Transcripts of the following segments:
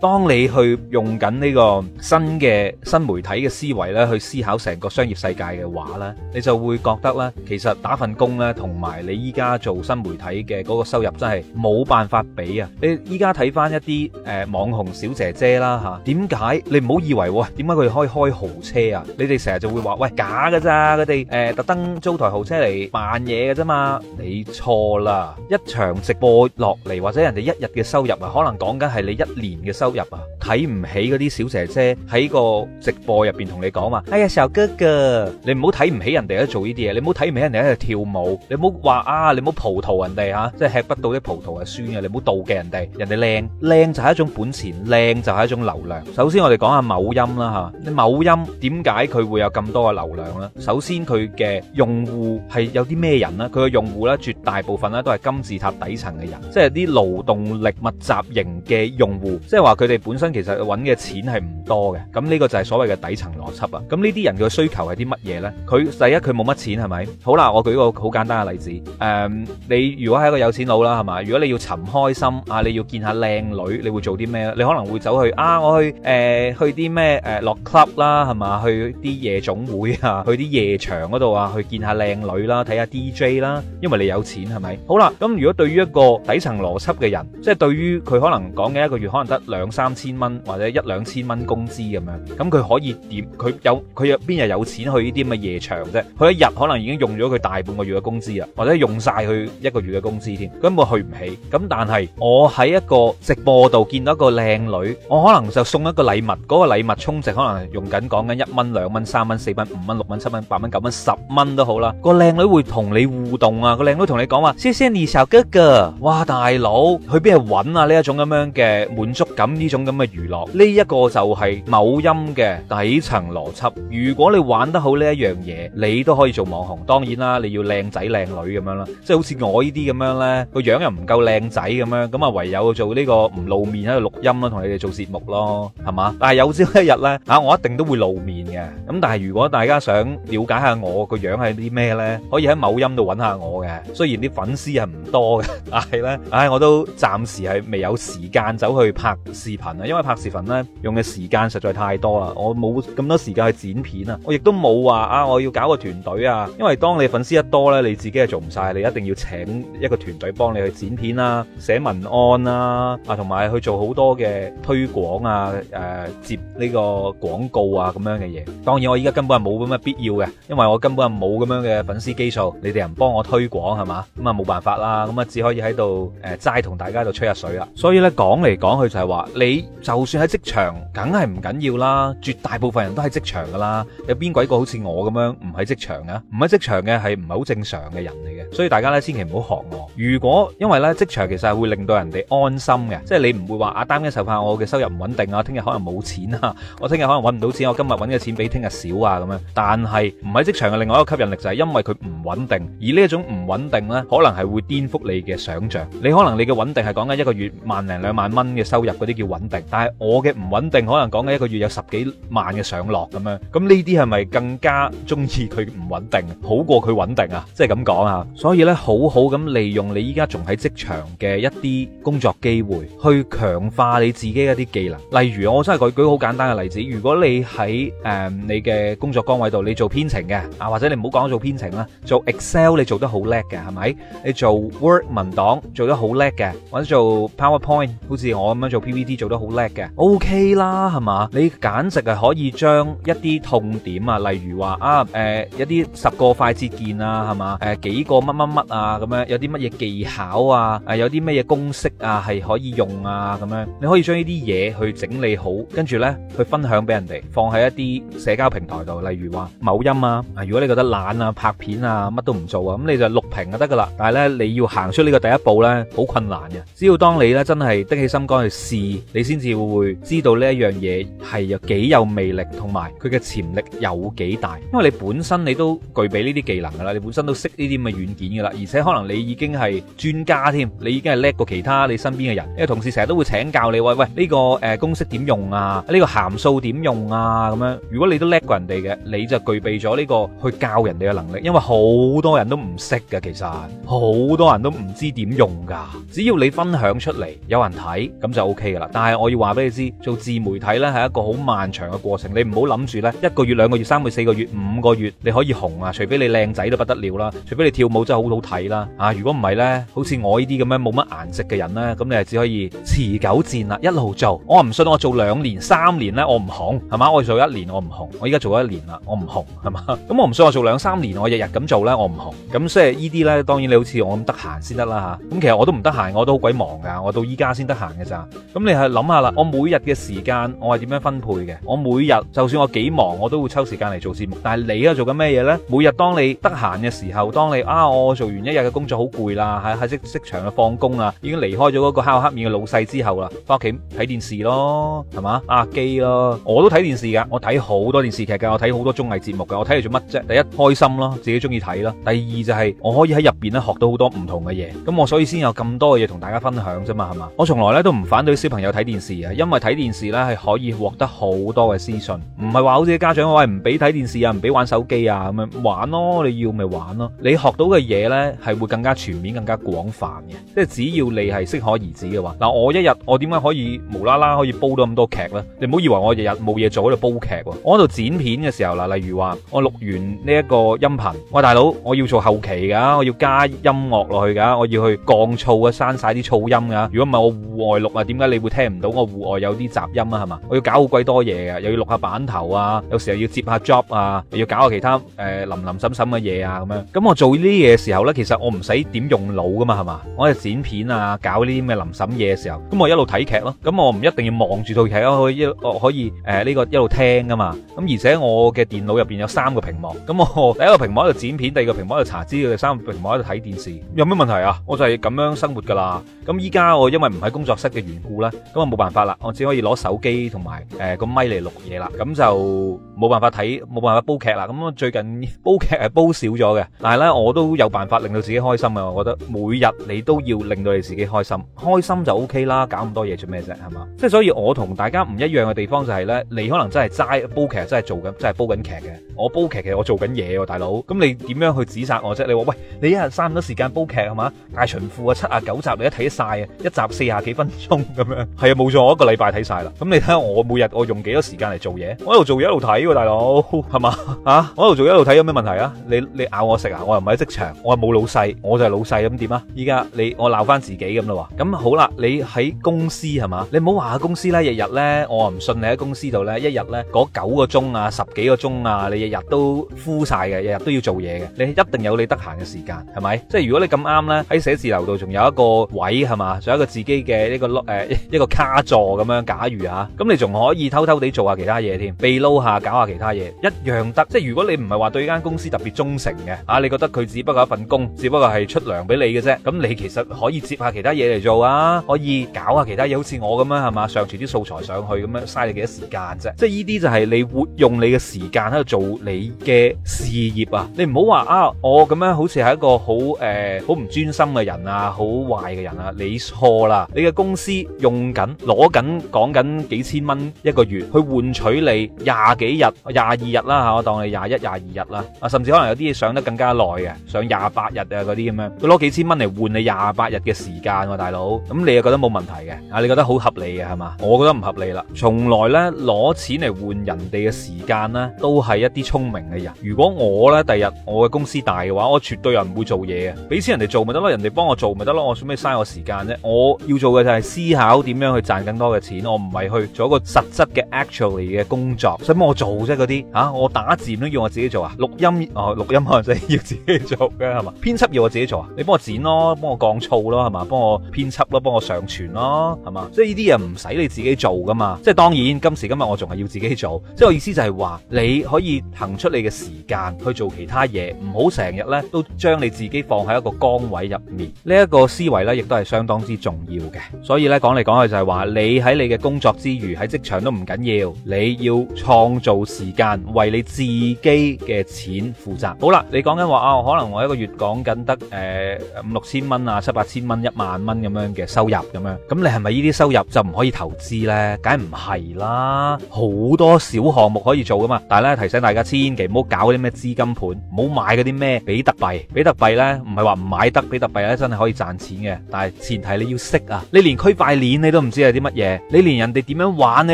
當你去用緊呢個新嘅新媒體嘅思維咧，去思考成個商業世界嘅話呢，你就會覺得呢，其實打份工咧，同埋你依家做新媒體嘅嗰個收入真係冇辦法比啊！你依家睇翻一啲誒、呃、網紅小姐姐啦嚇，點、啊、解你唔好以為喎？點解佢哋可以開豪車啊？你哋成日就會話喂假㗎咋？佢哋誒特登租台豪車嚟扮嘢㗎啫嘛？你錯啦！一場直播落嚟，或者人哋一日嘅收入啊，可能講緊係你一年嘅收入啊，睇唔起嗰啲小姐姐喺個直播入邊同你講嘛，哎呀，小哥哥，你唔好睇唔起人哋喺度做呢啲嘢，你唔好睇唔起人哋喺度跳舞，你唔好話啊，你唔好葡萄人哋吓，即係吃不到啲葡萄係酸嘅，你唔好妒忌人哋，人哋靚靚就係一種本錢，靚就係一種流量。首先我哋講下某音啦吓，某音點解佢會有咁多嘅流量咧？首先佢嘅用戶係有啲咩人咧？佢嘅用戶咧，絕大部分咧都係金字塔底層嘅人，即係啲勞動力密集型嘅用戶，即係。話佢哋本身其實揾嘅錢係唔多嘅，咁呢個就係所謂嘅底層邏輯啦。咁呢啲人嘅需求係啲乜嘢呢？佢第一佢冇乜錢係咪？好啦，我舉個好簡單嘅例子，誒、嗯，你如果係一個有錢佬啦，係嘛？如果你要尋開心啊，你要見下靚女，你會做啲咩？你可能會走去啊，我去誒去啲咩誒落 club 啦，係、啊、嘛？去啲、啊、夜總會啊，去啲夜場嗰度啊，去見下靚女啦，睇下 DJ 啦，因為你有錢係咪？好啦，咁如果對於一個底層邏輯嘅人，即、就、係、是、對於佢可能講嘅一個月可能得。兩三千蚊或者一兩千蚊工資咁樣，咁佢可以點？佢有佢有邊日有錢去呢啲咁嘅夜場啫？佢一日可能已經用咗佢大半個月嘅工資啊，或者用晒佢一個月嘅工資添。根本去唔起。咁但係我喺一個直播度見到一個靚女，我可能就送一個禮物。嗰、這個禮物充值可能用緊講緊一蚊、兩蚊、三蚊、四蚊、五蚊、六蚊、七蚊、八蚊、九蚊、十蚊都好啦。個靚女會同你互動啊，個靚女同你講話，謝謝你小哥哥，哇大佬，去邊度揾啊？呢一、啊、種咁樣嘅滿足感。咁呢種咁嘅娛樂，呢一個就係某音嘅底層邏輯。如果你玩得好呢一樣嘢，你都可以做網紅。當然啦，你要靚仔靚女咁樣啦，即係好似我呢啲咁樣呢，個樣又唔夠靚仔咁樣，咁啊唯有做呢個唔露面喺度錄音咯，同你哋做節目咯，係嘛？但係有朝一日呢，啊，我一定都會露面嘅。咁但係如果大家想了解下我個樣係啲咩呢，可以喺某音度揾下我嘅。雖然啲粉絲係唔多嘅，但係呢，唉、哎，我都暫時係未有時間走去拍，視頻啊，因為拍視頻呢用嘅時間實在太多啦，我冇咁多時間去剪片啊，我亦都冇話啊我要搞個團隊啊，因為當你粉絲一多呢，你自己係做唔晒，你一定要請一個團隊幫你去剪片啦、寫文案啦啊，同埋去做好多嘅推廣啊、誒接呢個廣告啊咁樣嘅嘢。當然我依家根本係冇咁嘅必要嘅，因為我根本係冇咁樣嘅粉絲基數，你哋又唔幫我推廣係嘛，咁啊冇辦法啦，咁啊只可以喺度誒齋同大家度吹下水啦。所以呢，講嚟講去就係你就算喺職場，梗係唔緊要啦。絕大部分人都喺職場噶啦，有邊鬼個好似我咁樣唔喺職場嘅？唔喺職場嘅係唔係好正常嘅人嚟嘅？所以大家呢，千祈唔好學我。如果因為呢職場其實係會令到人哋安心嘅，即係你唔會話阿擔驚受怕，我嘅收入唔穩定啊，聽日可能冇錢啊，我聽日可能揾唔到錢，我今日揾嘅錢比聽日少啊咁樣。但係唔喺職場嘅另外一個吸引力就係，因為佢唔穩定，而呢一種唔穩定呢，可能係會顛覆你嘅想象。你可能你嘅穩定係講緊一個月萬零兩萬蚊嘅收入。嗰啲叫穩定，但係我嘅唔穩定，可能講緊一個月有十幾萬嘅上落咁樣，咁呢啲係咪更加中意佢唔穩定，好過佢穩定啊？即係咁講啊，所以咧好好咁利用你依家仲喺職場嘅一啲工作機會，去強化你自己一啲技能。例如我真係舉舉好簡單嘅例子，如果你喺誒你嘅工作崗位度，你做編程嘅啊，或者你唔好講做編程啦，做 Excel 你做得好叻嘅係咪？你做 Word 文檔做得好叻嘅，或者做 PowerPoint，好似我咁樣做。呢啲做得好叻嘅，O.K. 啦，係嘛？你簡直係可以將一啲痛點啊，例如話啊，誒，一啲十個快捷鍵啊，係嘛？誒，幾個乜乜乜啊？咁樣有啲乜嘢技巧啊？誒，有啲乜嘢公式啊？係可以用啊？咁樣你可以將呢啲嘢去整理好，跟住咧去分享俾人哋，放喺一啲社交平台度，例如話某音啊。如果你覺得懶啊，拍片啊，乜都唔做啊，咁你就錄屏就得噶啦。但係咧，你要行出呢個第一步咧，好困難嘅。只要當你咧真係的起心肝去試。你先至會知道呢一樣嘢係有幾有魅力，同埋佢嘅潛力有幾大。因為你本身你都具備呢啲技能噶啦，你本身都識呢啲咁嘅軟件噶啦，而且可能你已經係專家添，你已經係叻過其他你身邊嘅人，因為同事成日都會請教你，喂喂呢個誒公式點用啊？呢個函數點用啊？咁樣，如果你都叻過人哋嘅，你就具備咗呢個去教人哋嘅能力。因為好多人都唔識噶，其實好多人都唔知點用噶。只要你分享出嚟，有人睇咁就 OK。但係我要話俾你知，做自媒體呢係一個好漫長嘅過程，你唔好諗住呢，一個月、兩個月、三個月、四個月、五個月你可以紅啊！除非你靚仔都不得了啦，除非你跳舞真係好好睇啦啊！如果唔係呢，好似我呢啲咁樣冇乜顏值嘅人呢，咁你係只可以持久戰啦，一路做。我唔信我做兩年、三年呢，我唔紅係嘛？我做一年我唔紅，我依家做一年啦，我唔紅係嘛？咁我唔信我做兩三年，我日日咁做呢，我唔紅。咁所以呢啲呢，當然你好似我咁得閒先得啦吓。咁、啊、其實我都唔得閒，我都好鬼忙噶，我到依家先得閒嘅咋。咁你係諗下啦，我每日嘅時間，我係點樣分配嘅？我每日就算我幾忙，我都會抽時間嚟做節目。但係你啊，做緊咩嘢呢？每日當你得閒嘅時候，當你啊，我做完一日嘅工作好攰啦，喺喺職職場啊放工啦，已經離開咗嗰個烤黑面嘅老細之後啦，翻屋企睇電視咯，係嘛？打機咯，我都睇電視㗎，我睇好多電視劇㗎，我睇好多綜藝節目㗎，我睇你做乜啫？第一開心咯，自己中意睇咯；第二就係、是、我可以喺入邊咧學到好多唔同嘅嘢。咁我所以先有咁多嘅嘢同大家分享啫嘛，係嘛？我從來咧都唔反對朋友睇電視啊，因為睇電視咧係可以獲得好多嘅資訊，唔係話好似家長話唔俾睇電視啊，唔俾玩手機啊咁樣玩咯，你要咪玩咯。你學到嘅嘢咧係會更加全面，更加廣泛嘅，即係只要你係適可而止嘅話。嗱，我一日我點解可以無啦啦可以煲到咁多劇咧？你唔好以為我日日冇嘢做喺度煲劇，我喺度剪片嘅時候嗱，例如話我錄完呢一個音頻，喂大佬我要做後期噶，我要加音樂落去噶，我要去降噪啊，刪晒啲噪音噶。如果唔係我戶外錄啊，點解你？會聽唔到我戶外有啲雜音啊，係嘛？我要搞好鬼多嘢啊，又要錄下版頭啊，有時候又要接下 job 啊，又要搞下其他誒林林沈沈嘅嘢啊，咁樣。咁我做呢啲嘢時候呢，其實我唔使點用腦噶嘛，係嘛？我喺度剪片啊，搞呢啲咩林沈嘢嘅時候，咁我一路睇劇咯。咁我唔一定要望住套劇咯，可以，我可以誒呢個一路聽噶嘛。咁而且我嘅電腦入邊有三個屏幕，咁我第一個屏幕喺度剪片，第二個屏幕喺度查資料，第三個屏幕喺度睇電視，有咩問題啊？我就係咁樣生活噶啦。咁依家我因為唔喺工作室嘅緣故。咁啊，冇辦法啦，我只可以攞手機同埋誒個咪嚟錄嘢啦，咁、呃、就冇辦法睇，冇辦法煲劇啦。咁最近煲劇係煲少咗嘅，但係咧我都有辦法令到自己開心啊。我覺得每日你都要令到你自己開心，開心就 O K 啦，搞咁多嘢做咩啫？係嘛，即係所以我同大家唔一樣嘅地方就係、是、咧，你可能真係齋煲劇，真係做緊，真係煲緊劇嘅。我煲劇其實我做緊嘢喎，大佬。咁你點樣去指責我啫？你話喂，你一日三咁多時間煲劇係嘛？大秦賦啊，七十九集你一睇晒啊，一集四廿幾分鐘咁。 係啊，冇錯，我一個禮拜睇晒啦。咁你睇下我每日我用幾多時間嚟做嘢？我喺度做嘢一路睇喎，大佬，係嘛啊？我喺度做嘢一路睇有咩問題啊？你你咬我食啊？我又唔係喺職場，我又冇老細，我就係老細咁點啊？依家你我鬧翻自己咁咯喎。咁好啦，你喺公司係嘛？你唔好話喺公司咧，日日咧我唔信你喺公司度咧，一日咧嗰九個鐘啊，十幾個鐘啊，你日日都敷晒嘅，日日都要做嘢嘅。你一定有你得閒嘅時間係咪？即係如果你咁啱咧，喺寫字樓度仲有一個位係嘛，仲有一個自己嘅一個碌誒。一個卡座咁樣，假如啊，咁你仲可以偷偷地做下其他嘢添，秘撈下搞下其他嘢，一樣得。即係如果你唔係話對間公司特別忠誠嘅，啊，你覺得佢只不過一份工，只不過係出糧俾你嘅啫，咁、啊、你其實可以接下其他嘢嚟做啊，可以搞下其他嘢，好似我咁樣係嘛，上傳啲素材上去咁樣，嘥你幾多時間啫，啊。即係呢啲就係你活用你嘅時間喺度做你嘅事業啊。你唔好話啊，我咁樣好似係一個好誒好唔專心嘅人啊，好壞嘅人啊，你錯啦，你嘅公司用。用緊攞緊講緊幾千蚊一個月去換取你廿幾日廿二日啦吓，我當你廿一廿二日啦，啊甚至可能有啲嘢上得更加耐嘅，上廿八日啊嗰啲咁樣，佢攞幾千蚊嚟換你廿八日嘅時間，啊，大佬，咁你又覺得冇問題嘅啊？你覺得好合理嘅係嘛？我覺得唔合理啦，從來呢，攞錢嚟換人哋嘅時間呢，都係一啲聰明嘅人。如果我呢，第日我嘅公司大嘅話，我絕對又唔會做嘢嘅，俾錢人哋做咪得咯，人哋幫我做咪得咯，我做咩嘥我時間啫？我要做嘅就係思考。點樣去賺更多嘅錢？我唔係去做一個實質嘅 actually 嘅工作，使乜我做啫？嗰啲吓，我打字都要我自己做啊？錄音哦，錄音啊，所以要自己做嘅係嘛？編輯要我自己做啊？你幫我剪咯，幫我降噪咯，係嘛？幫我編輯咯，幫我上傳咯，係嘛？即係呢啲嘢唔使你自己做噶嘛？即係當然，今時今日我仲係要自己做。即係我意思就係話，你可以騰出你嘅時間去做其他嘢，唔好成日呢都將你自己放喺一個崗位入面。呢、這、一個思維呢，亦都係相當之重要嘅。所以呢，講嚟講。講嘅就係話，你喺你嘅工作之餘，喺職場都唔緊要，你要創造時間為你自己嘅錢負責。好啦，你講緊話啊，可能我一個月講緊得誒五六千蚊啊，七八千蚊，一萬蚊咁樣嘅收入咁樣，咁你係咪呢啲收入就唔可以投資呢？梗係唔係啦，好多小項目可以做噶嘛。但係咧提醒大家，千祈唔好搞啲咩資金盤，唔好買嗰啲咩比特幣。比特幣呢，唔係話唔買得，比特幣咧真係可以賺錢嘅，但係前提你要識啊，你連區塊鏈。你都唔知係啲乜嘢？你連人哋點樣玩你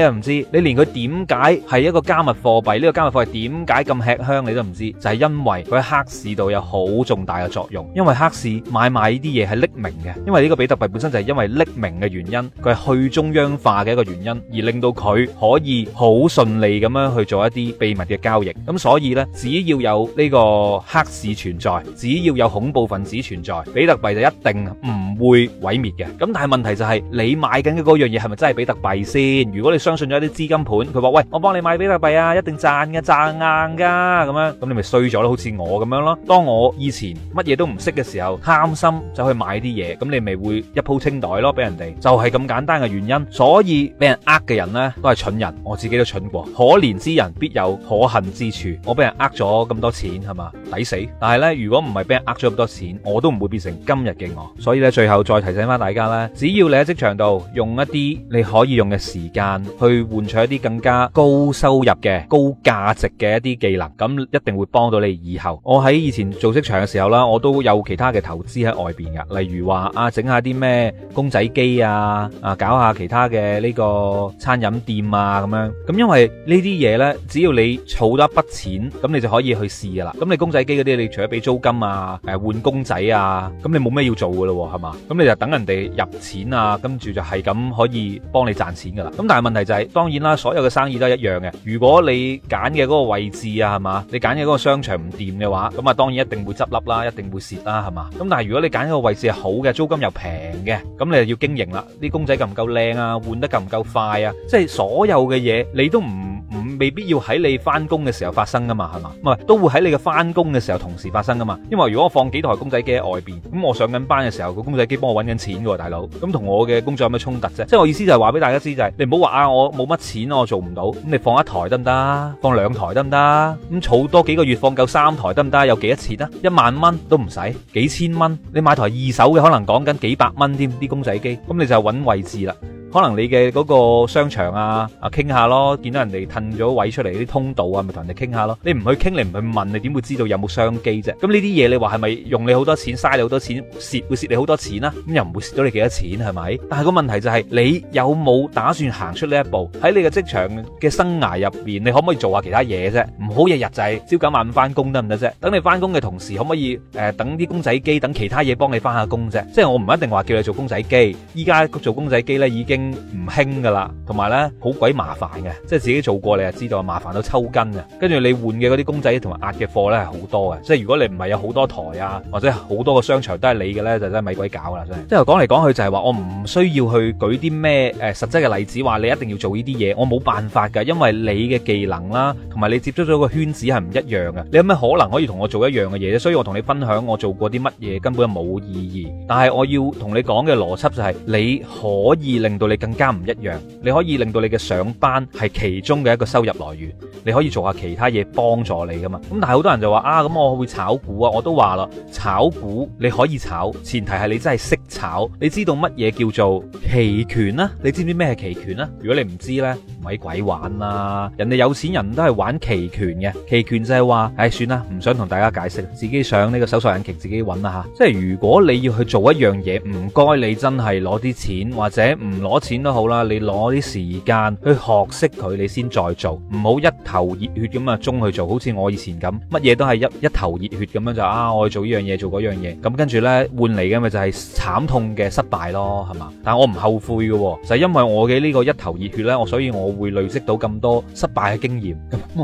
又唔知，你連佢點解係一個加密貨幣，呢個加密貨幣點解咁吃香你都唔知，就係因為佢喺黑市度有好重大嘅作用。因為黑市買賣呢啲嘢係匿名嘅，因為呢個比特幣本身就係因為匿名嘅原因，佢係去中央化嘅一個原因，而令到佢可以好順利咁樣去做一啲秘密嘅交易。咁所以呢，只要有呢個黑市存在，只要有恐怖分子存在，比特幣就一定唔會毀滅嘅。咁但係問題就係你買。睇緊嘅嗰樣嘢係咪真係比特幣先？如果你相信咗啲資金盤，佢話：喂，我幫你買比特幣啊，一定賺嘅，賺硬噶咁樣，咁你咪衰咗咯，好似我咁樣咯。當我以前乜嘢都唔識嘅時候，貪心就去買啲嘢，咁你咪會一鋪清袋咯，俾人哋就係咁簡單嘅原因。所以俾人呃嘅人呢，都係蠢人，我自己都蠢過。可憐之人必有可恨之處。我俾人呃咗咁多錢係嘛，抵死。但係呢，如果唔係俾人呃咗咁多錢，我都唔會變成今日嘅我。所以咧，最後再提醒翻大家咧，只要你喺職場度。用一啲你可以用嘅時間去換取一啲更加高收入嘅、高價值嘅一啲技能，咁一定會幫到你以後。我喺以前做職場嘅時候啦，我都有其他嘅投資喺外邊嘅，例如話啊整下啲咩公仔機啊、啊搞下其他嘅呢個餐飲店啊咁樣，咁因為呢啲嘢咧，只要你儲得一筆錢，咁你就可以去試噶啦。咁你公仔機嗰啲，你除咗俾租金啊、誒換公仔啊，咁你冇咩要做噶咯，係嘛？咁你就等人哋入錢啊，跟住就。係咁可以幫你賺錢噶啦，咁但係問題就係、是，當然啦，所有嘅生意都係一樣嘅。如果你揀嘅嗰個位置啊，係嘛？你揀嘅嗰個商場唔掂嘅話，咁啊當然一定會執笠啦，一定會蝕啦，係嘛？咁但係如果你揀嘅位置係好嘅，租金又平嘅，咁你就要經營啦，啲公仔夠唔夠靚啊，換得夠唔夠快啊，即、就、係、是、所有嘅嘢你都唔唔。未必要喺你翻工嘅時候發生噶嘛，係嘛？唔係都會喺你嘅翻工嘅時候同時發生噶嘛？因為如果我放幾台公仔機喺外邊，咁我上緊班嘅時候，個公仔機幫我揾緊錢嘅喎，大佬。咁同我嘅工作有咩衝突啫？即係我意思就係話俾大家知就係，你唔好話啊，我冇乜錢我做唔到。咁你放一台得唔得？放兩台得唔得？咁儲多幾個月放夠三台得唔得？有幾多錢啊？一萬蚊都唔使，幾千蚊，你買台二手嘅可能講緊幾百蚊添，啲公仔機。咁你就揾位置啦。可能你嘅嗰個商場啊，啊傾下咯，見到人哋褪咗位出嚟啲通道啊，咪同人哋傾下咯。你唔去傾，你唔去問，你點會知道有冇商機啫？咁呢啲嘢你話係咪用你好多錢，嘥你好多錢，蝕會蝕你好多錢啦？咁又唔會蝕到你幾多錢，係咪？但係個問題就係、是、你有冇打算行出呢一步？喺你嘅職場嘅生涯入面，你可唔可以做下其他嘢啫？唔好日日就係朝九晚五返工得唔得啫？等你返工嘅同時，可唔可以誒、呃、等啲公仔機等其他嘢幫你返下工啫？即係我唔一定話叫你做公仔機，依家做公仔機呢，已經。唔興噶啦，同埋呢，好鬼麻煩嘅，即係自己做過你就知道，麻煩到抽筋嘅。跟住你換嘅嗰啲公仔同埋壓嘅貨呢，係好多嘅，即係如果你唔係有好多台啊，或者好多個商場都係你嘅呢，就真係咪鬼搞啦真係。即係講嚟講去就係話我唔需要去舉啲咩誒實際嘅例子，話你一定要做呢啲嘢，我冇辦法噶，因為你嘅技能啦、啊，同埋你接觸咗個圈子係唔一樣嘅。你有咩可能可以同我做一樣嘅嘢咧？所以我同你分享我做過啲乜嘢，根本冇意義。但係我要同你講嘅邏輯就係、是，你可以令到。你更加唔一樣，你可以令到你嘅上班係其中嘅一個收入來源，你可以做下其他嘢幫助你噶嘛。咁但係好多人就話啊，咁我會炒股啊，我都話啦，炒股你可以炒，前提係你真係識炒，你知道乜嘢叫做期權啊？你知唔知咩係期權啊？如果你唔知呢，咪鬼玩啦！人哋有錢人都係玩期權嘅，期權就係話，唉，算啦，唔想同大家解釋，自己上呢個搜索引擎自己揾啦吓。即係如果你要去做一樣嘢，唔該你真係攞啲錢或者唔攞錢都好啦，你攞啲時間去學識佢，你先再做，唔好一頭熱血咁啊，衝去做好似我以前咁，乜嘢都係一一頭熱血咁樣就啊，我去做呢樣嘢，做嗰樣嘢，咁跟住呢，換嚟嘅咪就係慘痛嘅失敗咯，係嘛？但我唔後悔嘅，就係因為我嘅呢個一頭熱血呢。我所以我會累積到咁多失敗嘅經驗，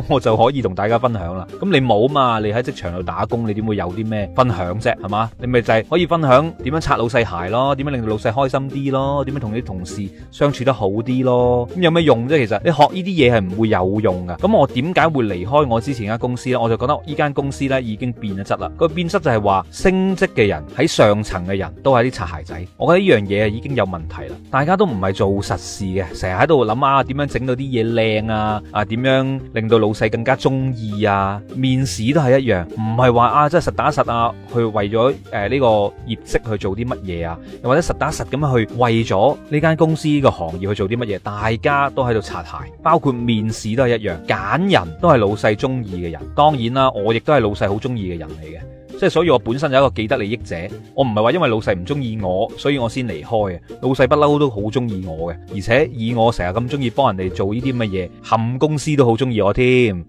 我就可以同大家分享啦。咁你冇嘛？你喺職場度打工，你點會有啲咩分享啫？係嘛？你咪就係可以分享點樣擦老細鞋咯，點樣令到老細開心啲咯，點樣同啲同事。相處得好啲咯，咁有咩用啫？其實你學呢啲嘢係唔會有用噶咁我點解會離開我之前間公司呢？我就覺得呢間公司呢已經變咗質啦。個變質就係話升職嘅人喺上層嘅人都係啲擦鞋仔。我覺得呢樣嘢已經有問題啦。大家都唔係做實事嘅，成日喺度諗啊，點樣整到啲嘢靚啊？啊，點樣令到老細更加中意啊？面試都係一樣，唔係話啊，真係實打實啊，去為咗誒呢個業績去做啲乜嘢啊？又或者實打實咁樣去為咗呢間公。公司呢個行業去做啲乜嘢，大家都喺度擦鞋，包括面試都係一樣，揀人都係老細中意嘅人。當然啦，我亦都係老細好中意嘅人嚟嘅。即所以，我本身有一個既得利益者，我唔係話因為老細唔中意我，所以我先離開嘅。老細不嬲都好中意我嘅，而且以我成日咁中意幫人哋做呢啲乜嘢，冚公司都好中意我添。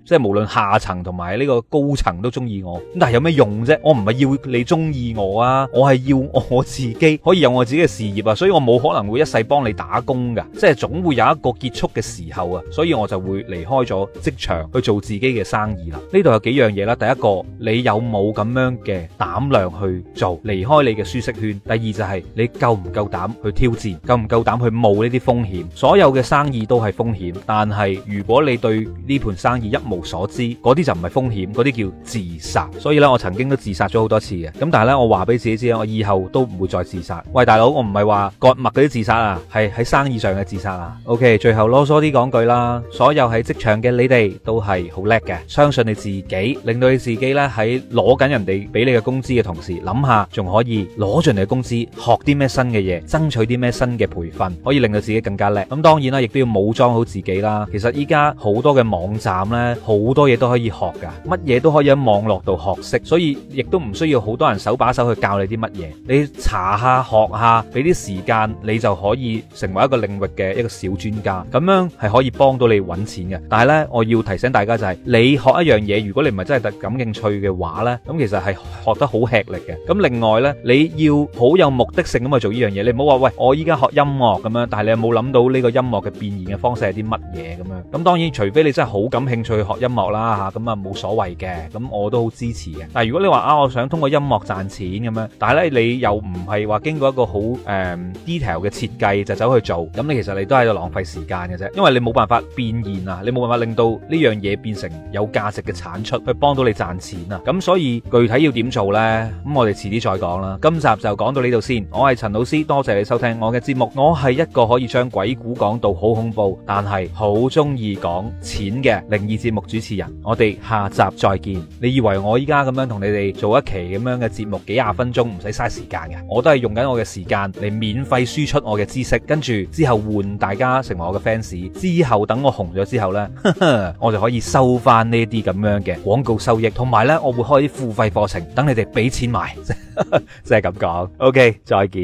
即係無論下層同埋呢個高層都中意我。咁但係有咩用啫？我唔係要你中意我啊，我係要我自己可以有我自己嘅事業啊。所以我冇可能會一世幫你打工㗎。即係總會有一個結束嘅時候啊。所以我就會離開咗職場去做自己嘅生意啦。呢度有幾樣嘢啦。第一個，你有冇咁樣嘅膽量去做，離開你嘅舒適圈。第二就係、是、你夠唔夠膽去挑戰，夠唔夠膽去冒呢啲風險。所有嘅生意都係風險，但係如果你對呢盤生意一無所知，嗰啲就唔係風險，嗰啲叫自殺。所以咧，我曾經都自殺咗好多次嘅。咁但係咧，我話俾自己知，我以後都唔會再自殺。喂，大佬，我唔係話割脈嗰啲自殺啊，係喺生意上嘅自殺啊。OK，最後囉嗦啲講句啦，所有喺職場嘅你哋都係好叻嘅，相信你自己，令到你自己咧喺攞緊人哋俾你嘅工資嘅同時，諗下仲可以攞盡你嘅工資，學啲咩新嘅嘢，爭取啲咩新嘅培訓，可以令到自己更加叻。咁當然啦，亦都要武裝好自己啦。其實依家好多嘅網站呢，好多嘢都可以學噶，乜嘢都可以喺網絡度學識，所以亦都唔需要好多人手把手去教你啲乜嘢。你查下學下，俾啲時間，你就可以成為一個領域嘅一個小專家。咁樣係可以幫到你揾錢嘅。但係呢，我要提醒大家就係、是，你學一樣嘢，如果你唔係真係特感興趣嘅話呢，咁其實係。學得好吃力嘅，咁另外呢，你要好有目的性咁去做呢樣嘢，你唔好話喂，我依家學音樂咁樣，但係你又有冇諗到呢個音樂嘅變現嘅方式係啲乜嘢咁樣？咁當然，除非你真係好感興趣去學音樂啦吓，咁啊冇所謂嘅，咁我都好支持嘅。但係如果你話啊，我想通過音樂賺錢咁樣，但係呢，你又唔係話經過一個好誒 detail 嘅設計就走去做，咁你其實你都喺度浪費時間嘅啫，因為你冇辦法變現啊，你冇辦法令到呢樣嘢變成有價值嘅產出去幫到你賺錢啊，咁所以具體。要點做呢？咁我哋遲啲再講啦。今集就講到呢度先。我係陳老師，多謝你收聽我嘅節目。我係一個可以將鬼故講到好恐怖，但係好中意講錢嘅靈異節目主持人。我哋下集再見。你以為我依家咁樣同你哋做一期咁樣嘅節目，幾廿分鐘唔使嘥時間嘅？我都係用緊我嘅時間嚟免費輸出我嘅知識，跟住之後換大家成為我嘅 fans。之後等我紅咗之後呢，我就可以收翻呢啲咁樣嘅廣告收益，同埋呢，我會開啲付費課程。等你哋俾錢買， 即係咁講 OK，再見。